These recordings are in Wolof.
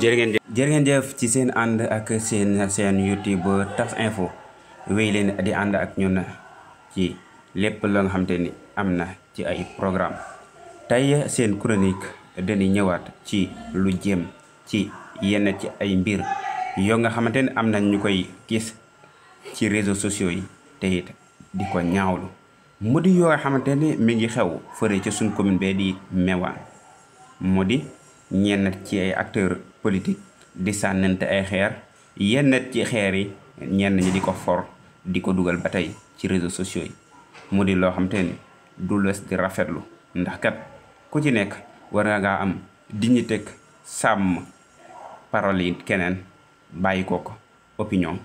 jërë ngeen jëf ci seen ànd ak seen seen YouTube Taf Info wéy leen di ànd ak ñun ci lépp loo nga xamante ni am na ci ay programme tey seen chronique dañuy ñëwaat ci lu jëm ci yenn ci ay mbir yoo nga xamante ni am na ñu koy gis ci réseaux sociaux yi te di ko ñaawlu mu di yoo nga xamante ni mi ngi xew fëre ci suñ commune bee di Méouane mu di ñenn ci ay acteurs politique di sànnante ay xeer yenn ci xeer yi ñenn ñi di ko for di ko dugal ba tey ci réseau sociaux yi mu di loo xam te ni du les di rafetlu ndax kat ku ci nekk war ngaa am dignité teg sàmm parole yi keneen bàyyi ko ko opinion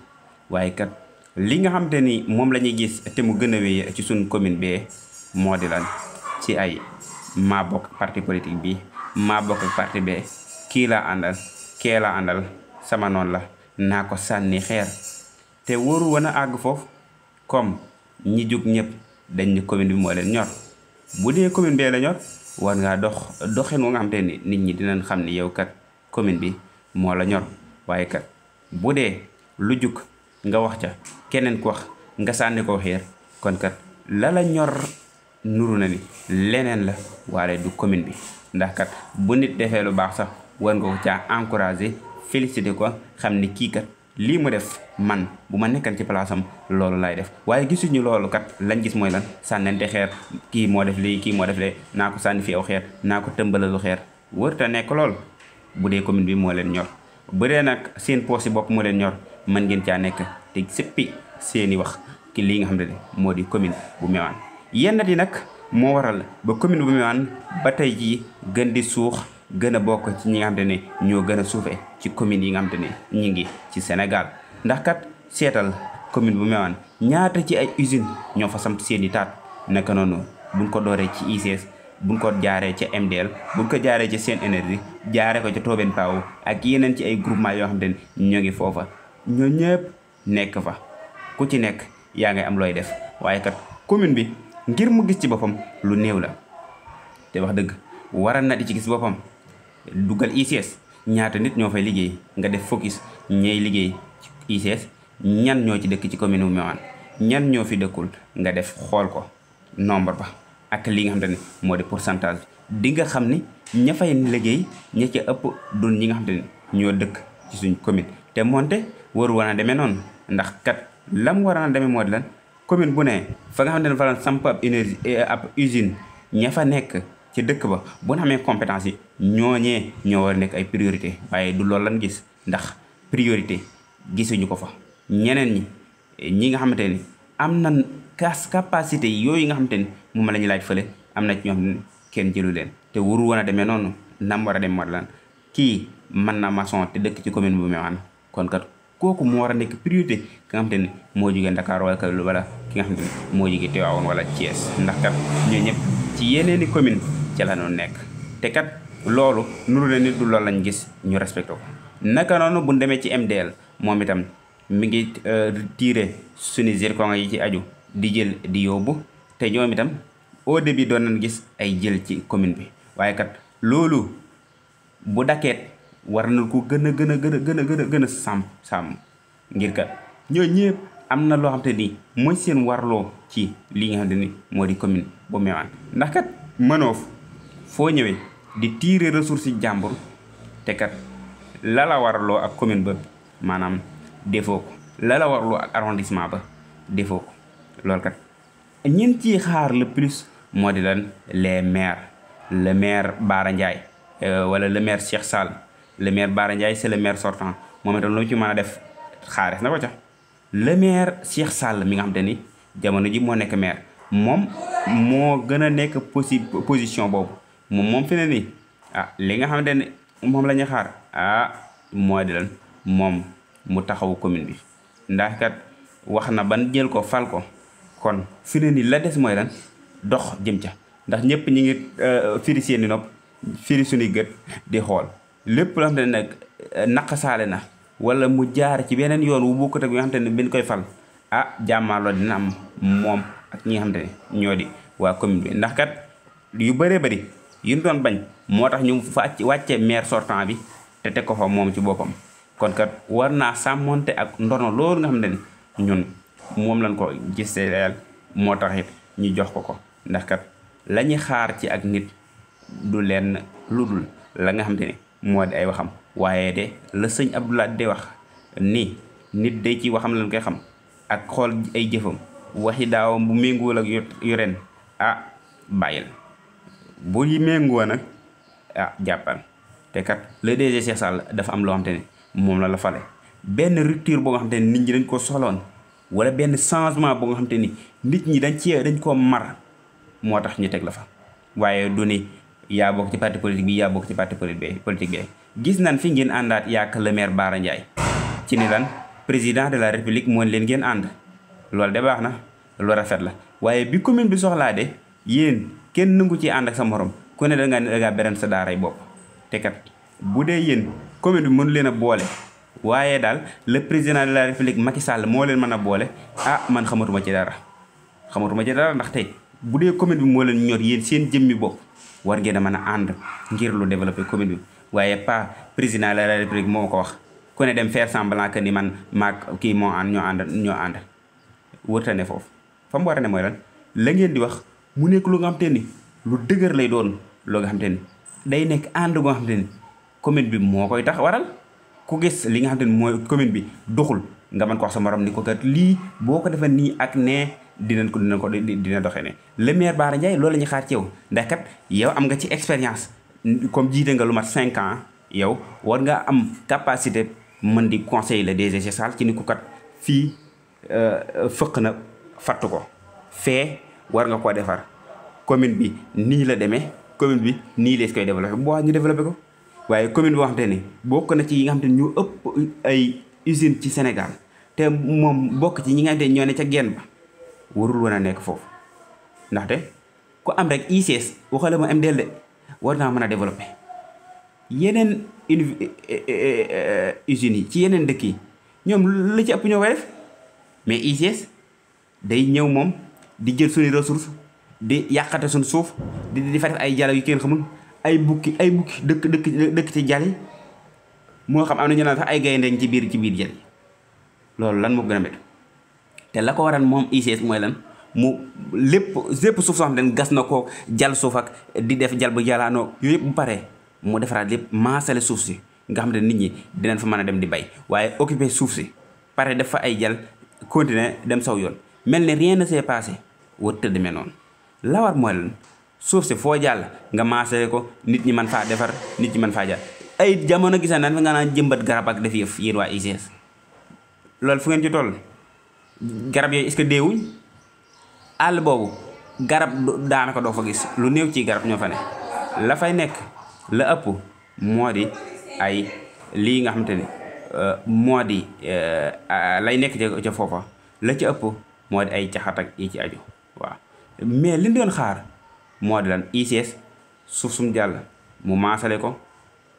waaye kat li nga xam ni moom la ñuy gis te mu gën a wéy ci suñ commune bee moo di lan ci ay maa parti politique bi maa bokk parti bee kii laa àndal kee laa àndal sama noon la naa ko sànni xeer te wóoru woon a àgg foofu comme ñi jug ñëpp dañ ni commune bi moo ñor bu dee commune bee la ñor war ngaa dox doxin wu nga ni nit ñi dinañ xam ni yow kat commune bi moo la ñor waaye kat bu dee lu jug nga wax ca keneen ku wax nga sànni ko xeer kon kat la la ñor nuru na ni leneen la waale du commune bi ndax kat bu nit defee lu baax sax war nga ko caa encouragé félicité ko xam ne kii kat lii mu def man bu ma nekkan ci place loolu lay def waaye gisuñu loolu kat lañ gis mooy lan sànnente xeer kii moo def lii kii moo def lee naa sànni fi aw xeer naa ko tëmbalalu xeer wërta nekk lool bu dee commune bi moo leen ñor bu dee nag seen poos si bopp moo leen ñor man ngeen caa nekk te sëppi seeni wax ki lii nga xam ne moo di commune bu Méouane yenn di nag moo waral ba commune bu Méouane ba tey jii gën di suux gën a bokk ci ñi nga ñoo gën a suufe ci communes yi nga xam te ñu ngi ci Sénégal ndax kat seetal commune bu Méouane ñaata ci ay usine ñoo fa samp seen i taat naka noonu buñ ko dooree ci ICS buñ ko jaaree ca MDL buñ ko jaaree ca seen énergie jaaree ko ca Tobène Pao ak yeneen ci ay groupement yoo xam te ne ñoo ngi foofa ñoo ñëpp nekk fa ku ci nekk yaa ngi am looy def waaye kat commune bi ngir mu gis ci boppam lu néew la te wax dëgg waral na di ci gis boppam dugal ICS ñaata nit ñoo fay liggéey nga def focus ñay liggéey ci ICS ñan ñoo ci dëkk ci commune Meouane ñan ñoo fi dëkkul nga def xool ko nombre ba ak li nga xam ne moo di pourcentage di nga xam ni ña fay liggéey ña ca ëpp dun ñi nga xam ne ñoo dëkk ci suñ commune te moonte waru war a demee noonu ndax kat lam war a demee moo di lan commune bu ne fa nga xam ne fa la samp ab énergie eh, ab usine ña fa nekk ci dëkk ba bu ñu xamee compétence yi ñooñee ñoo war a nekk ay priorité waaye du loolu lan gis ndax priorité gisuñu ko fa ñeneen ñi ñi nga xamante ni am na kas capacité yooyu nga xamante ni moom la ñu laaj fële am na ci ñoo xam ne kenn jëlu leen te wuru woon a demee noonu nam dem war lan kii mën na maçon te dëkk ci commune bu Méouane kon kat kooku moo war a nekk priorité ki nga xamante ni moo jógee Dakar wala Kaolack wala ki nga xamante ni moo jógee Tivaouane wala Thiès ndax kat ñoo ñëpp ci yeneeni commune ci la ñu nekk te kat loolu nuru ne nit du loolu lañ gis ñu respecté ko naka noonu bu demee ci MDL moom itam mi ngi euh, tiire suñu zircon yi ci aju di jël di yóbbu te ñoom itam au bi doon nañ gis ay jël ci commune bi waaye kat loolu bu dakkeet war na ko gën a gën a gën a gën a gën a gën a sàmm sàmm ngir kat ñoo ñëpp am na loo xam te ni mooy seen warloo ci li nga xam ni moo di commune bu Méouane ndax kat mënoof foo ñëwee di tiire ressource yi te kat la la warloo ak commune ba maanaam defoo ko la la warloo ak arrondissement ba defoo ko loolu kat ñeen ci xaar le plus moo di lan les maire le maire Bara Ndiaye euh, wala le maire Cheikh Sall le maire Bara Ndiaye c'est le maire sortant moom itam lu ci mën a def xaares na ko ca le maire Cheikh Sall mi nga xam te ni jamono ji moo nekk maire moom moo gën a nekk posi position boobu moom moom fi ne nii ah li nga xamante ne moom la ñu xaar ah moo de lan moom mu taxawu commune bi ndax kat wax na ban jël ko fal ko kon fi ne nii la des mooy lan dox jëm ca ndax ñëpp ñi ngi euh, firi seeni nopp firi suñuy gët di xool lépp loo xam ne nag euh, naqsaale na wala mu jaar ci beneen yoon wu bokkut ak bi nga xamante ne bi ñu koy fal ah jàmmaarloo dina am moom ak ñi nga ne ñoo di waa commune bi ndax kat yu bëree bëri yi doon bañ moo tax ñu fa wàcce maire sortant bi te teg ko fa moom ci boppam kon kat war naa sàmmoonte ak ndono loolu nga xam ne ñun moom lañ ko gisee leel moo taxit it ñu jox ko ko ndax kat la ñuy xaar ci ak nit du leen lu dul la nga xam te ne moo di ay waxam waaye de la sëñ Abdoulaye di wax nii nit day ci waxam lañ koy xam ak xool ay jëfam waxi daaw bu méngool ak yu ren ah bàyyil bu yi méngoo nag a ah, jàppal te kat le DG Cheikh Sall dafa am loo xam te moom la la fale benn rupture boo nga xam te ne nit ñi dañ ko soxloon wala benn changement boo nga xam ni nit ñi dañ cee dañ koo mar moo tax ñu teg la fa waaye du ni yaa bokk ci parti politique bi yaa bokk ci parti politique bi gis nañ fi ngeen àndaat yaak le maire Bara Ndiaye ci ni lan président de la république moo leen ngeen ànd loolu de baax na lu rafet la waaye bi commune bi soxlaa de yéen kenn nangu ci ànd ak sa morom ku ne da ngaa ne da ngaa beral sa daaray bopp te kat bu dee yéen commune bi mënu leen a boole waaye daal le président de la république Macky Sall moo leen mën a boole ah man xamatuma ci dara xamatuma ci dara ndax tey bu dee commune bi moo leen ñor yéen seen jëmmi bopp war ngeen a mën a ànd ngir lu développé commune bi waaye pas président de la république moo ko wax ku ne dem faire semblant ni man maag kii moo ànd ñoo ànd ñoo ànd wërtane foofu ne mooy mu nekk lu nga xam te ni lu dëgër lay doon loo nga xam te ni day nekk ànd goo xam te ni commune bi moo koy tax waral ku gis li nga xam te ni mooy commune bi doxul nga mën ko wax sa morom ni ko kat lii boo ko defee nii ak nee dinañ ko dinañ ko dina doxee ne le maire Bara Ndiaye loolu la ñuy xaar ci yow ndax kat yow am nga ci expérience comme jiite nga lu mat 5 ans yow war nga am capacité mën di conseiller le DG Sall ci ni ko kat fii euh, fëq na fatt ko fee war nga koo defar commune bi nii la demee commune bi nii lees koy développé boo xam ñu développé ko waaye commune boo xam te ni bokk na ci yi nga xam te ñu ëpp ay usine ci Sénégal te moom bokk ci ñi nga xam ñoo ca genn ba warul wan a nekk foofu ndaxte ku am rek ICS waxale mu MDL de war naa mën a développé yeneen eh, eh, eh, usines yi ci yeneen dëkk yi ñoom la ci ëpp ñoo koy def mais ICS day ñëw moom di jël suñuy ressources di yàqate suñu suuf di di fa def ay jalo yu kenn xamul ay bukki ay bukki dëkk dëkk dëkk ci jali moo xam am na ñu ay gaynde ci biir ci biir jali loolu lan moo gën a métti te la ko waral moom ICS mooy lan mu lépp lépp suuf soo xam ne gas na ko jal suuf ak di def jal bu jalaanoo yooyu yëpp bu pare mu defaraat lépp maasale suuf si nga xam ne nit ñi dinañ fa mën a dem di bay waaye occupé suuf si pare def fa ay jal continuer dem saw yoon mel ne rien ne see passé war tëdd me noonu lawar mooy lan suuf si foo jàll nga maasee ko nit ñi mën faa defar nit ñi mën faa jàll ay jamono gis naan fi nga naan jëmbat garab ak def yëf yéen waa ICS loolu fu ngeen ci toll garab yooyu est-ce que àll boobu garab daanaka doo fa gis lu néew ci garab ñoo fa ne la fay nekk la ëpp moo di ay lii nga xamante ni euh, moo di euh, lay nekk ca foofa la ci ëpp moo di ay caxat ak yi ci aju waaw mais li doon xaar moo di lan ICS suuf sum jàll mu maasale ko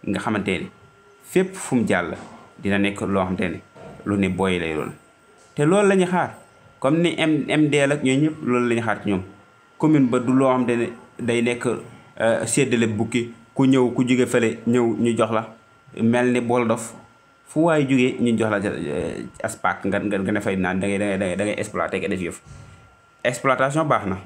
nga xamante ni fépp fu mu jàll dina nekk loo xamante ni lu ne booy lay doon te loolu lañuy xaar comme ni MDL ak ñooñu ñëpp loolu la xaar ci ñoom commune ba du loo xamante ne day nekk euh, séddale bukki ku ñëw ku jóge fële ñëw ñu jox la mel ni bool dof fu waaye jógee ñu jox la eh, as paak nga nga ne fay naan da ngay da ngay da ngay exploité nga def yëf exploitation baax na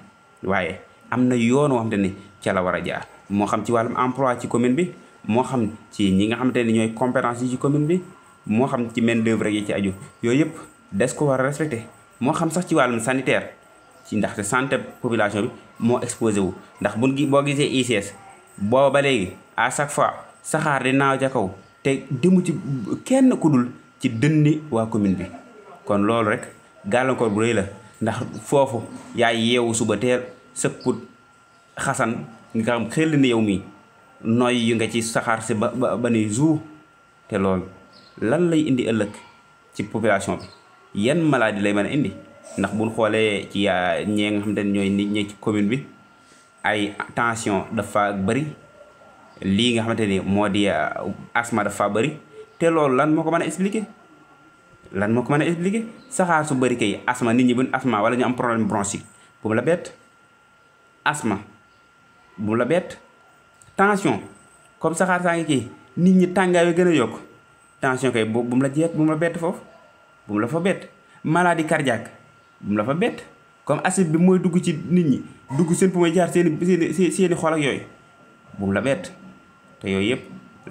waaye am na yoon woo xam te ne ca la war a jaar moo xam ci wàllum emploi ci commune bi moo xam ci ñi nga xamante ne ñooy compétence yi ci commune bi moo xam ci main d'œuvre yi ci aju yooyu yëpp des ko war a respecté moo xam sax ci wàllum sanitaire ci ndaxte santé population bi moo exposé wu ndax buñ gi boo gisee ICS booba ba léegi à chaque fois saxaar di naaw kaw te demu ci kenn ku dul ci dënni waa commune bi kon loolu rek gàllankoor bu rëy la ndax foofu yaa yeewu suba teel sëkkut xasan nga xam xel ni yow mii nooy yu nga ci saxaar si ba ba ni jour te loolu lan lay indi ëllëg ci population bi yan maladie lay mën a indi ndax buñ xoolee ci ñee nga xam te ne commune bi ay tension dafa bari lii nga xamante ni moo di euh, asma dafa bari te loolu lan moo ko mën a expliquer lan moo ko mën a expliquer saxaar su bëri kay asma nit ñi buñ asma wala ñu am problème bronchique bu mu la bett asma bu mu la bett tension comme saxaar saa ngi kii nit ñi tàngaay gën a yokk tension kay bu mu la jeet bu mu la bett foofu bu mu la fa bett maladie cardiaque bu mu la fa bett comme acide bi mooy dugg ci nit ñi dugg seen pour mooy jaar seen i seen xolak yooyu bu mu la bett te yooyu yëpp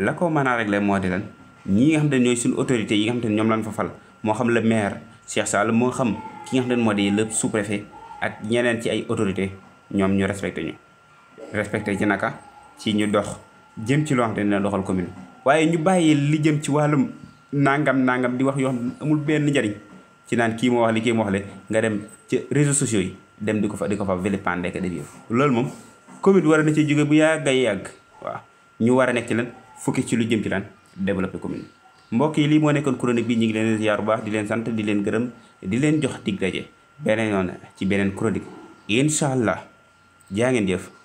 la ko mën a régler moo de lan ñi nga xam te ne ñooy suñu autorités yi nga xam te ne ñoom lañ fa fal moo xam le maire Cheikh Sall moo xam ki nga xam te ne moo di le sous préfet ak ñeneen ci ay autorité ñoom ñu respecté ñu respecté ci naka ci ñu dox jëm ci loo xam te ne doxal commune waaye ñu bàyyi li jëm ci wàllum nangam nangam di wax yoo xam amul benn njariñ ci naan kii moo wax li kii moo wax le nga dem ci réseaux sociaux yi dem di ko fa di ko fa vilipender ak dérive yàgg a ñu war a nekk ci lan fukki ci lu jëm ci lan développer commune mbokk yi lii moo nekkoon chronique bi ñu ngi leen ziar bu baax di leen sant di leen gërëm di leen jox dig daje beneen yoon ci beneen chronique incha allah jaa ngeen jëf